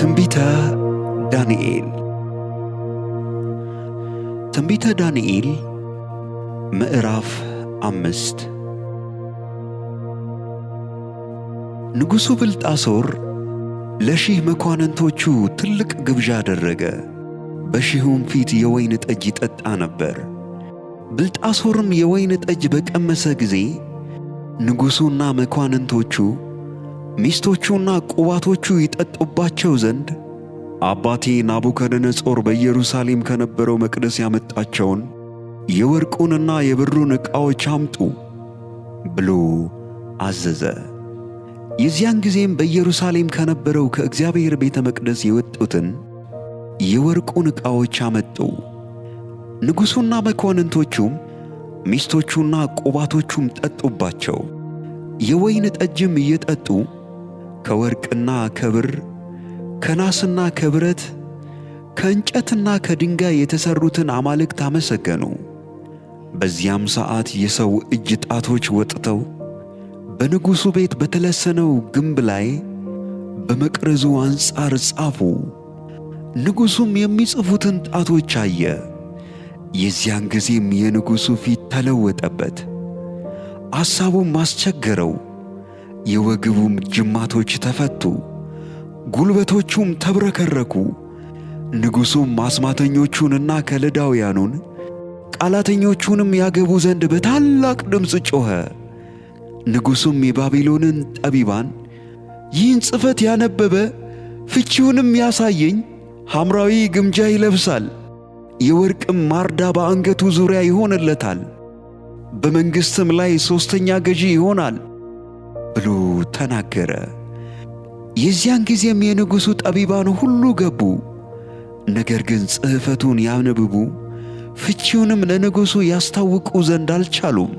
ትንቢተ ዳንኤል ትንቢተ ዳንኤል ምዕራፍ አምስት ንጉሡ ብልጣሶር ለሺህ መኳንንቶቹ ትልቅ ግብዣ አደረገ፣ በሺሁም ፊት የወይን ጠጅ ይጠጣ ነበር። ብልጣሶርም የወይን ጠጅ በቀመሰ ጊዜ ንጉሡና መኳንንቶቹ ሚስቶቹና ቁባቶቹ ይጠጡባቸው ዘንድ አባቴ ናቡከደነጾር በኢየሩሳሌም ከነበረው መቅደስ ያመጣቸውን የወርቁንና የብሩን ዕቃዎች አምጡ ብሎ አዘዘ። የዚያን ጊዜም በኢየሩሳሌም ከነበረው ከእግዚአብሔር ቤተ መቅደስ የወጡትን የወርቁን ዕቃዎች አመጡ። ንጉሡና መኳንንቶቹም ሚስቶቹና ቁባቶቹም ጠጡባቸው። የወይን ጠጅም እየጠጡ ከወርቅና ከብር ከናስና ከብረት ከእንጨትና ከድንጋይ የተሠሩትን አማልክት አመሰገኑ። በዚያም ሰዓት የሰው እጅ ጣቶች ወጥተው በንጉሡ ቤት በተለሰነው ግንብ ላይ በመቅረዙ አንጻር ጻፉ። ንጉሡም የሚጽፉትን ጣቶች አየ። የዚያን ጊዜም የንጉሡ ፊት ተለወጠበት፣ አሳቡም አስቸገረው። የወግቡም ጅማቶች ተፈቱ፣ ጉልበቶቹም ተብረከረኩ። ንጉሡም አስማተኞቹንና ከለዳውያኑን ቃላተኞቹንም ያገቡ ዘንድ በታላቅ ድምፅ ጮኸ። ንጉሡም የባቢሎንን ጠቢባን ይህን ጽሕፈት ያነበበ ፍቺውንም ያሳየኝ ሐምራዊ ግምጃ ይለብሳል፣ የወርቅም ማርዳ በአንገቱ ዙሪያ ይሆንለታል፣ በመንግሥትም ላይ ሦስተኛ ገዢ ይሆናል ብሎ ተናገረ። የዚያን ጊዜም የንጉሡ ጠቢባን ሁሉ ገቡ። ነገር ግን ጽሕፈቱን ያንብቡ ፍቺውንም ለንጉሡ ያስታውቁ ዘንድ አልቻሉም።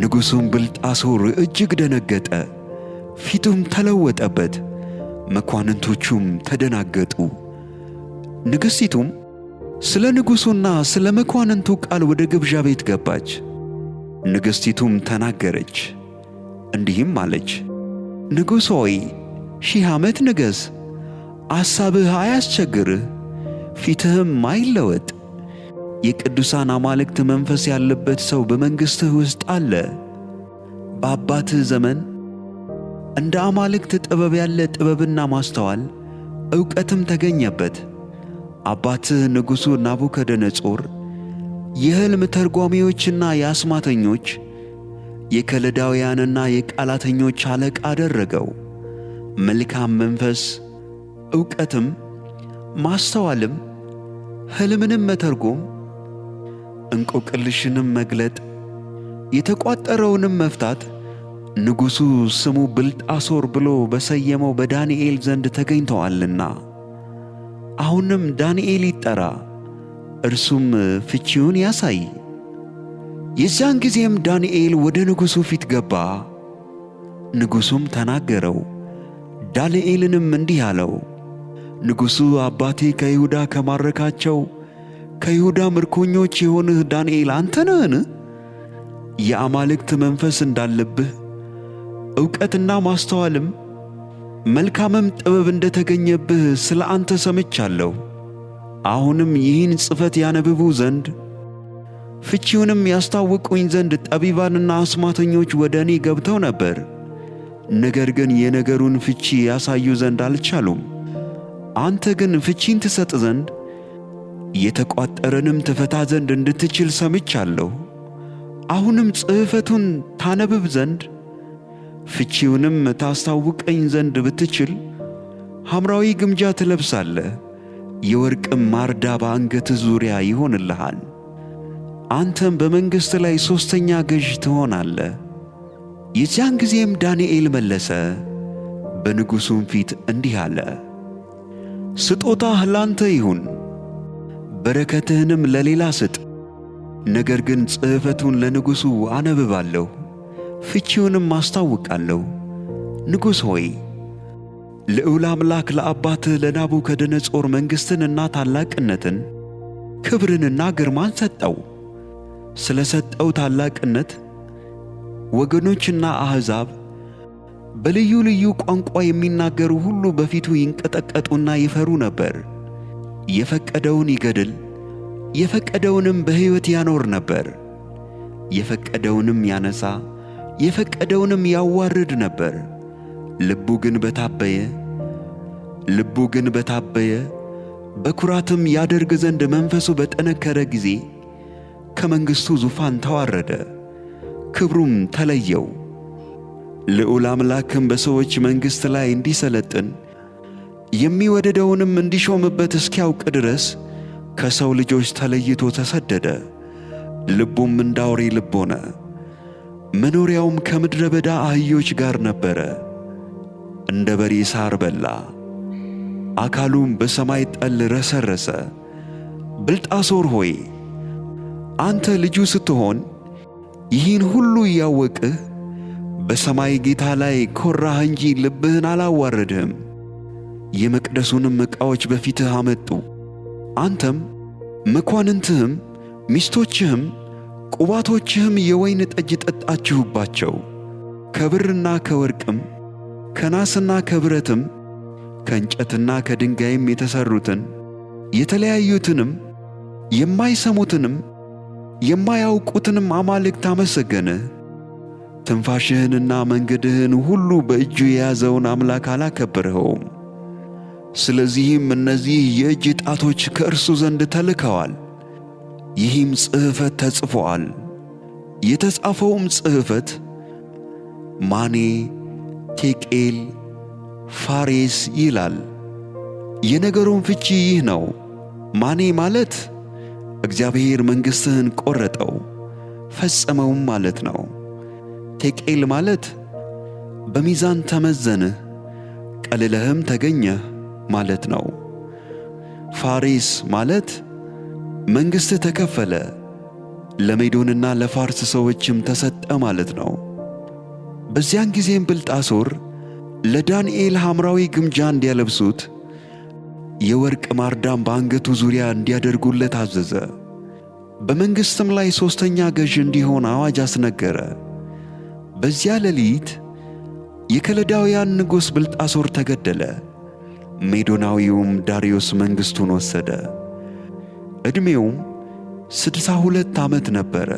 ንጉሡም ብልጣሶር እጅግ ደነገጠ፣ ፊቱም ተለወጠበት፣ መኳንንቶቹም ተደናገጡ። ንግሥቲቱም ስለ ንጉሡና ስለ መኳንንቱ ቃል ወደ ግብዣ ቤት ገባች። ንግሥቲቱም ተናገረች እንዲህም አለች፣ ንጉሥ ሆይ ሺህ ዓመት ንገሥ። አሳብህ አያስቸግርህ፣ ፊትህም አይለወጥ። የቅዱሳን አማልክት መንፈስ ያለበት ሰው በመንግሥትህ ውስጥ አለ። በአባትህ ዘመን እንደ አማልክት ጥበብ ያለ ጥበብና ማስተዋል ዕውቀትም ተገኘበት። አባትህ ንጉሡ ናቡከደነፆር የሕልም ተርጓሚዎችና የአስማተኞች የከለዳውያንና የቃላተኞች አለቃ አደረገው። መልካም መንፈስ፣ ዕውቀትም፣ ማስተዋልም፣ ሕልምንም መተርጎም፣ እንቆቅልሽንም መግለጥ፣ የተቋጠረውንም መፍታት ንጉሡ ስሙ ብልጣሶር ብሎ በሰየመው በዳንኤል ዘንድ ተገኝተዋልና። አሁንም ዳንኤል ይጠራ፣ እርሱም ፍቺውን ያሳይ። የዚያን ጊዜም ዳንኤል ወደ ንጉሡ ፊት ገባ። ንጉሡም ተናገረው፣ ዳንኤልንም እንዲህ አለው፦ ንጉሡ አባቴ ከይሁዳ ከማረካቸው ከይሁዳ ምርኮኞች የሆንህ ዳንኤል አንተ ነህን? የአማልክት መንፈስ እንዳለብህ ዕውቀትና ማስተዋልም መልካምም ጥበብ እንደ ተገኘብህ ስለ አንተ ሰምቻለሁ። አሁንም ይህን ጽሕፈት ያነብቡ ዘንድ ፍቺውንም ያስታውቁኝ ዘንድ ጠቢባንና አስማተኞች ወደ እኔ ገብተው ነበር፣ ነገር ግን የነገሩን ፍቺ ያሳዩ ዘንድ አልቻሉም። አንተ ግን ፍቺን ትሰጥ ዘንድ የተቋጠረንም ትፈታ ዘንድ እንድትችል ሰምቻለሁ። አሁንም ጽሕፈቱን ታነብብ ዘንድ ፍቺውንም ታስታውቀኝ ዘንድ ብትችል ሐምራዊ ግምጃ ትለብሳለህ፣ የወርቅም ማርዳ በአንገትህ ዙሪያ ይሆንልሃል። አንተም በመንግሥት ላይ ሦስተኛ ገዥ ትሆናለህ። የዚያን ጊዜም ዳንኤል መለሰ፣ በንጉሡም ፊት እንዲህ አለ፣ ስጦታህ ላንተ ይሁን፣ በረከትህንም ለሌላ ስጥ። ነገር ግን ጽሕፈቱን ለንጉሡ አነብባለሁ፣ ፍቺውንም አስታውቃለሁ። ንጉሥ ሆይ ልዑል አምላክ ለአባትህ ለናቡከደነጾር መንግሥትንና ታላቅነትን ክብርንና ግርማን ሰጠው። ስለ ሰጠው ታላቅነት ወገኖችና አሕዛብ በልዩ ልዩ ቋንቋ የሚናገሩ ሁሉ በፊቱ ይንቀጠቀጡና ይፈሩ ነበር። የፈቀደውን ይገድል፣ የፈቀደውንም በሕይወት ያኖር ነበር። የፈቀደውንም ያነሣ፣ የፈቀደውንም ያዋርድ ነበር። ልቡ ግን በታበየ ልቡ ግን በታበየ በኩራትም ያደርግ ዘንድ መንፈሱ በጠነከረ ጊዜ ከመንግሥቱ ዙፋን ተዋረደ፣ ክብሩም ተለየው። ልዑል አምላክም በሰዎች መንግሥት ላይ እንዲሰለጥን የሚወደደውንም እንዲሾምበት እስኪያውቅ ድረስ ከሰው ልጆች ተለይቶ ተሰደደ። ልቡም እንደ አውሬ ልብ ሆነ፣ መኖሪያውም ከምድረ በዳ አህዮች ጋር ነበረ። እንደ በሬ ሳር በላ፣ አካሉም በሰማይ ጠል ረሰረሰ። ብልጣሶር ሆይ አንተ ልጁ ስትሆን ይህን ሁሉ እያወቅህ በሰማይ ጌታ ላይ ኮራህ እንጂ ልብህን አላዋረድህም። የመቅደሱንም ዕቃዎች በፊትህ አመጡ። አንተም መኳንንትህም ሚስቶችህም ቁባቶችህም የወይን ጠጅ ጠጣችሁባቸው። ከብርና ከወርቅም ከናስና ከብረትም ከእንጨትና ከድንጋይም የተሠሩትን የተለያዩትንም የማይሰሙትንም የማያውቁትንም አማልክት አመሰገነ። ትንፋሽህንና መንገድህን ሁሉ በእጁ የያዘውን አምላክ አላከበርኸውም። ስለዚህም እነዚህ የእጅ ጣቶች ከእርሱ ዘንድ ተልከዋል፣ ይህም ጽሕፈት ተጽፎአል። የተጻፈውም ጽሕፈት ማኔ ቴቄል ፋሬስ ይላል። የነገሩም ፍቺ ይህ ነው። ማኔ ማለት እግዚአብሔር መንግሥትህን ቆረጠው ፈጸመውም ማለት ነው። ቴቄል ማለት በሚዛን ተመዘንህ ቀልለህም ተገኘህ ማለት ነው። ፋሪስ ማለት መንግሥትህ ተከፈለ ለሜዶንና ለፋርስ ሰዎችም ተሰጠ ማለት ነው። በዚያን ጊዜም ብልጣሶር ለዳንኤል ሐምራዊ ግምጃ እንዲያለብሱት የወርቅ ማርዳም በአንገቱ ዙሪያ እንዲያደርጉለት አዘዘ። በመንግሥትም ላይ ሦስተኛ ገዥ እንዲሆን አዋጅ አስነገረ። በዚያ ሌሊት የከለዳውያን ንጉሥ ብልጣሶር ተገደለ። ሜዶናዊውም ዳርዮስ መንግሥቱን ወሰደ። ዕድሜውም ስድሳ ሁለት ዓመት ነበረ።